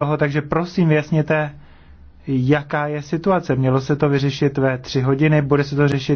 toho, takže prosím vyjasněte, jaká je situace. Mělo se to vyřešit ve tři hodiny, bude se to řešit